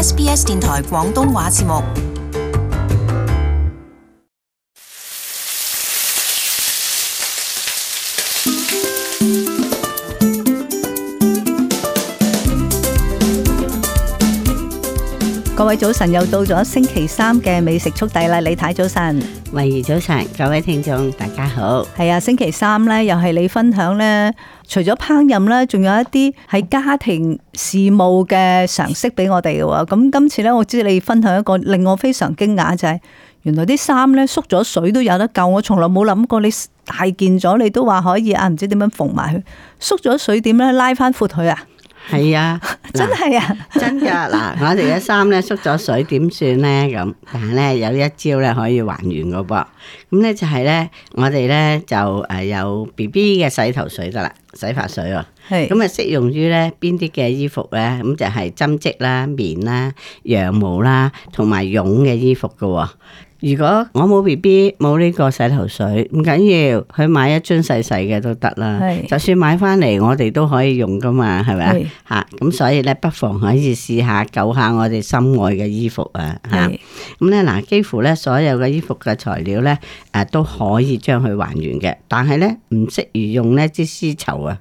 SBS 電台廣東話節目。各位早晨，又到咗星期三嘅美食速遞啦！李太早晨，慧儀早晨，各位聽眾大家好。係啊，星期三咧，又係你分享咧，除咗烹飪咧，仲有一啲係家庭事務嘅常識俾我哋嘅喎。咁今次咧，我知你分享一個令我非常驚訝就係，原來啲衫咧縮咗水都有得救。我從來冇諗過你大件咗，你都話可以啊？唔知點樣縫埋佢？縮咗水點咧，拉翻闊佢啊？係啊，真係是啊， 真噶嗱！我哋嘅衫咧縮咗水點算咧咁？但係咧有一招咧可以還原嘅噃。咁咧就係咧，我哋咧就誒有 B B 嘅洗頭水得啦，洗髮水喎。咁啊是適用於咧邊啲嘅衣服咧？咁就係、是、針織啦、棉啦、羊毛啦，同埋絨嘅衣服嘅喎。如果我冇 B B 冇呢個洗頭水唔緊要，去買一樽細細嘅都得啦。是就算買翻嚟，我哋都可以用噶嘛，係咪是啊？吓，咁所以咧，不妨可以試下救下我哋心愛嘅衣服啊！吓是，咁咧嗱，幾乎咧所有嘅衣服嘅材料咧，誒、啊、都可以將佢還原嘅，但係咧唔適宜用呢支絲綢啊。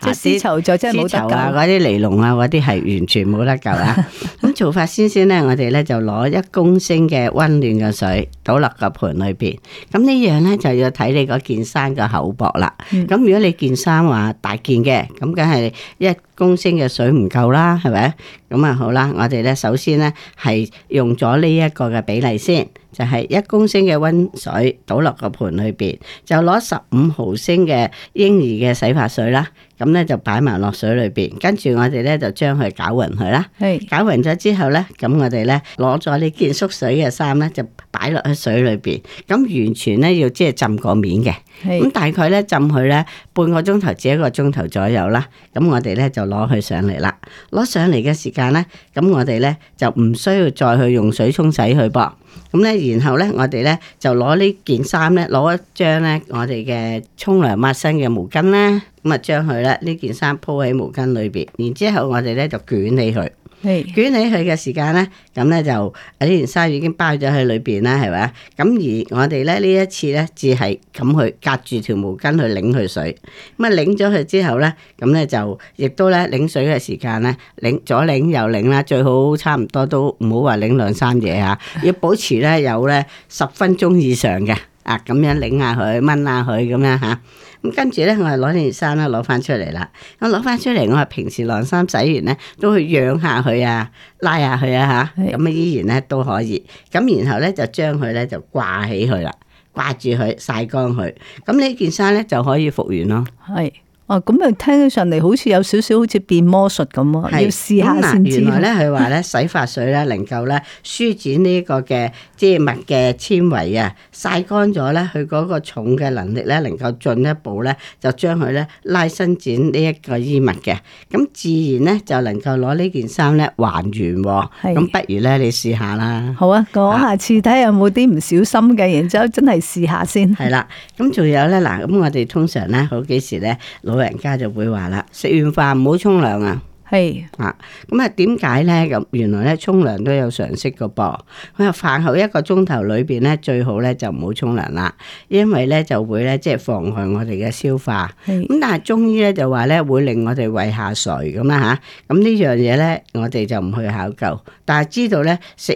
即係絲綢就真係冇得救啊！嗰啲尼龍啊，嗰啲係完全冇得救啊！咁做法先先咧，我哋咧就攞一公升嘅溫暖嘅水倒落個盆裏邊。咁呢樣咧就要睇你嗰件衫嘅厚薄啦。咁如果你件衫話大件嘅，咁梗係一公升嘅水唔夠啦，係咪？咁啊好啦，我哋咧首先咧係用咗呢一個嘅比例先，就係一公升嘅溫水倒落個盆裏邊，就攞十五毫升嘅嬰兒嘅洗髮水啦。咁咧就擺埋落水裏邊，跟住我哋咧就將佢攪勻佢啦。係攪勻咗之後咧，咁我哋咧攞咗呢件縮水嘅衫咧，就擺落去水裏邊。咁完全咧要即係浸過面嘅。係咁是大概咧浸佢咧半個鐘頭至一個鐘頭左右啦。咁我哋咧就攞佢上嚟啦。攞上嚟嘅時間咧，咁我哋咧就唔需要再去用水沖洗佢噃。咁咧，然後咧我哋咧就攞呢件衫咧，攞一張咧我哋嘅沖涼抹身嘅毛巾咧。咁啊，將佢咧呢件衫鋪喺毛巾裏邊，然之後我哋咧就捲起佢。係是捲起佢嘅時間咧，咁咧就呢件衫已經包咗喺裏邊啦，係咪？咁而我哋咧呢一次咧，只係咁去隔住條毛巾去擰佢水。咁啊，擰咗佢之後咧，咁咧就亦都咧擰水嘅時間咧，擰左擰右擰啦，最好差唔多都唔好話擰兩三嘢吓、啊，要保持咧有咧十分鐘以上嘅啊，咁樣擰下佢，掹下佢咁樣吓。啊咁跟住咧，我係攞件衫咧，攞翻出嚟啦。我攞翻出嚟，我係平時晾衫洗完咧，都去養下佢啊，拉下佢啊吓。咁啊是依然咧都可以。咁然後咧就將佢咧就掛起佢啦，掛住佢曬乾佢。咁呢件衫咧就可以復原咯。係。哦，咁啊，聽起上嚟好似有少少好似變魔術咁咯，是要試下先知。原來咧佢話咧洗髮水咧能夠咧舒展呢個嘅織物嘅纖維啊，曬乾咗咧佢嗰個重嘅能力咧能夠進一步咧就將佢咧拉伸展呢一個衣物嘅，咁自然咧就能夠攞呢件衫咧還原。咁是不如咧你試下啦。好啊，講下次睇有冇啲唔小心嘅， 然之後真係試下先。係啦，咁仲有咧嗱，咁我哋通常咧好幾時咧攞。老人家就會話啦，食完飯唔好沖涼啊。係啊，咁啊點解咧？咁原來咧沖涼都有常識㗎噃。佢話飯後一個鐘頭裏邊咧，最好咧就唔好沖涼啦，因為咧就會咧即係妨害我哋嘅消化。咁但係中醫咧就話咧會令我哋胃下垂咁啦嚇。咁呢樣嘢咧我哋就唔去考究，但係知道咧食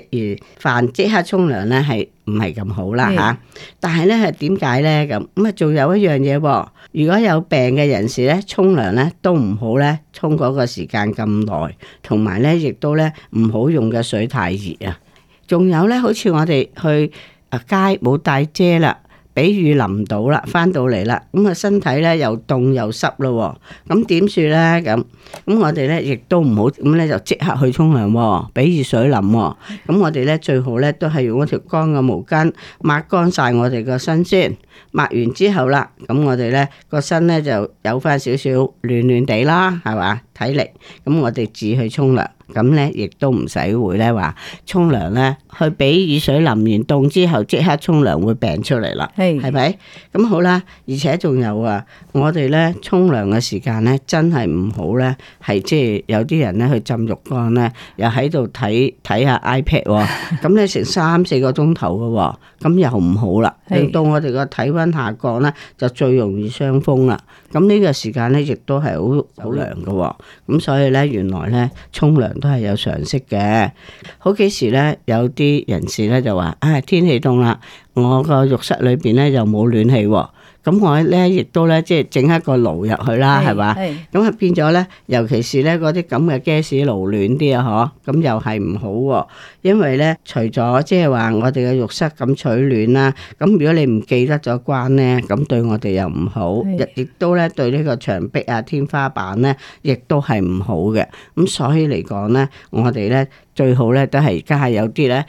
完飯即刻沖涼咧係唔係咁好啦嚇是、啊，但係咧點解咧咁咁啊？仲有一樣嘢喎，如果有病嘅人士咧，沖涼咧都唔好咧，沖嗰個時間咁耐，同埋咧亦都咧唔好用嘅水太熱啊，仲有咧好似我哋去啊街冇帶遮啦。俾雨淋到啦，翻到嚟啦，咁啊身體咧又凍又濕咯，咁點算咧？咁咁我哋咧亦都唔好咁咧，就即刻去沖涼，俾雨水淋。咁我哋咧最好咧都係用嗰條乾嘅毛巾抹乾晒我哋個身先。抹完之後啦，咁我哋咧個身咧就有翻少少暖暖地啦，係嘛體力。咁我哋自去沖涼，咁咧亦都唔使會咧話沖涼咧去俾雨水淋完凍之後即刻沖涼會病出嚟啦，係咪 Hey.？咁好啦，而且仲有啊，我哋咧沖涼嘅時間咧真係唔好咧，係即係有啲人咧去浸浴缸咧，又喺度睇睇下 iPad 喎，咁咧成三四個鐘頭㗎喎，咁又唔好啦，令 Hey. 到我哋個體。體溫下降咧，就最容易傷風啦。咁呢個時間咧，亦都係好好涼㗎喎。咁所以咧，原來咧，沖涼都係有常識嘅。好幾時咧，有啲人士咧就話，唉、哎，天氣凍啦，我個浴室裏邊咧又冇暖氣喎。咁我咧亦都咧即係整一個爐入去啦，係嘛？咁啊變咗咧，尤其是咧嗰啲咁嘅 gas 爐暖啲啊，嗬！咁又係唔好，因為咧除咗即係話我哋嘅浴室咁取暖啦，咁如果你唔記得咗關咧，咁對我哋又唔好，亦是都咧對呢個牆壁啊、天花板咧，亦都係唔好嘅。咁所以嚟講咧，我哋咧最好咧都係而家有啲咧。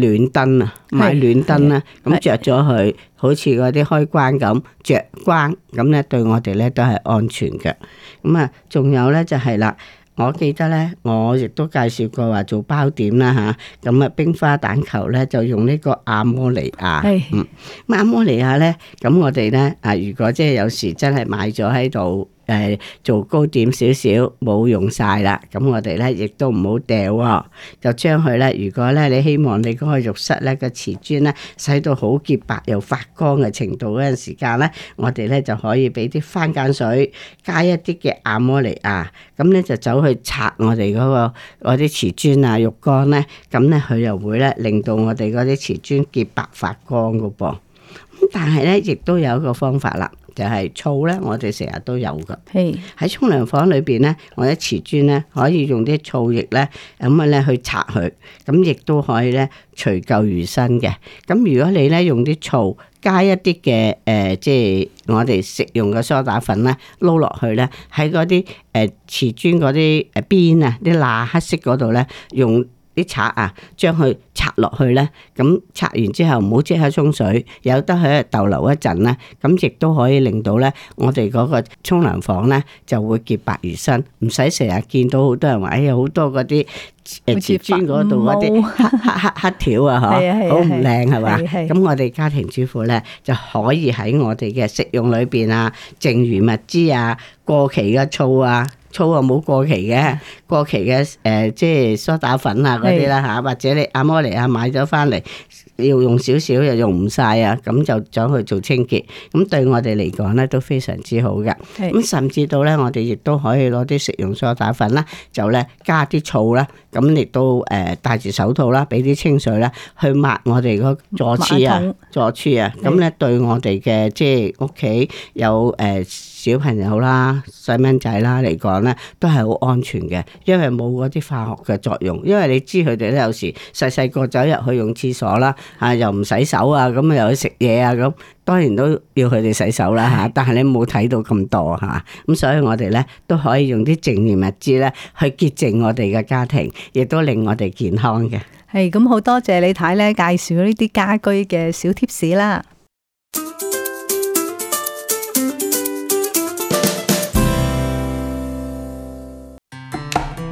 暖燈啊，買暖燈咧，咁着咗佢，好似嗰啲開關咁，着關咁咧，對我哋咧都係安全嘅。咁啊，仲有咧就係、係、啦，我記得咧，我亦都介紹過話做包點啦吓，咁啊、嗯、冰花蛋球咧就用呢個阿摩尼亞，係嗯，阿摩尼亞咧，咁我哋咧啊，如果即係有時真係買咗喺度。誒做高點少少冇用晒啦，咁我哋咧亦都唔好掉喎，就將佢咧。如果咧你希望你嗰個浴室咧個瓷磚咧洗到好潔白又發光嘅程度嗰陣時間咧，我哋咧就可以俾啲番梘水加一啲嘅亞摩尼亞，咁咧就走去拆我哋嗰、嗰個嗰啲瓷磚啊、浴缸咧，咁咧佢又會咧令到我哋嗰啲瓷磚潔白發光嘅噃。咁但係咧亦都有一個方法啦。就係醋咧，我哋成日都有嘅。喺沖涼房裏邊咧，我啲瓷磚咧可以用啲醋液咧咁樣咧去擦佢，咁亦都可以咧除舊如新嘅。咁如果你咧用啲醋加一啲嘅誒，即、呃、係、就是、我哋食用嘅梳打粉咧撈落去咧，喺嗰啲誒瓷磚嗰啲誒邊啊啲罅黑色嗰度咧用。啲擦啊，將佢拆落去咧，咁拆完之後唔好即刻沖水，有得喺度逗留一陣咧，咁亦都可以令到咧，我哋嗰個沖涼房咧就會潔白如新，唔使成日見到好多人話，哎呀，好多嗰啲誒瓷磚嗰度嗰啲黑黑黑條啊，嗬，好唔靚，係嘛？咁 我哋家庭主婦咧就可以喺我哋嘅食用裏邊啊，剩餘物資啊，過期嘅醋啊。醋啊冇過期嘅，過期嘅誒、呃，即係梳打粉啊嗰啲啦嚇，是或者你阿摩尼亞買咗翻嚟。要用少少又用唔晒啊，咁就走去做清潔，咁對我哋嚟講咧都非常之好嘅。咁是甚至到咧，我哋亦都可以攞啲食用梳打粉啦，就咧加啲醋啦，咁亦都誒、呃、戴住手套啦，俾啲清水啦去抹我哋個坐廁啊坐頭廁啊，咁咧是對我哋嘅即係屋企有誒、呃、小朋友啦、細蚊仔啦嚟講咧，都係好安全嘅，因為冇嗰啲化學嘅作用。因為你知佢哋都有時細細個走入去用廁所啦。啊！又唔洗手啊！咁又去食嘢啊！咁當然都要佢哋洗手啦、啊、吓。但係你冇睇到咁多吓，咁、啊、所以我哋咧都可以用啲淨源物資咧去潔淨我哋嘅家庭，亦都令我哋健康嘅。係咁好多謝李太咧介紹呢啲家居嘅小貼士啦。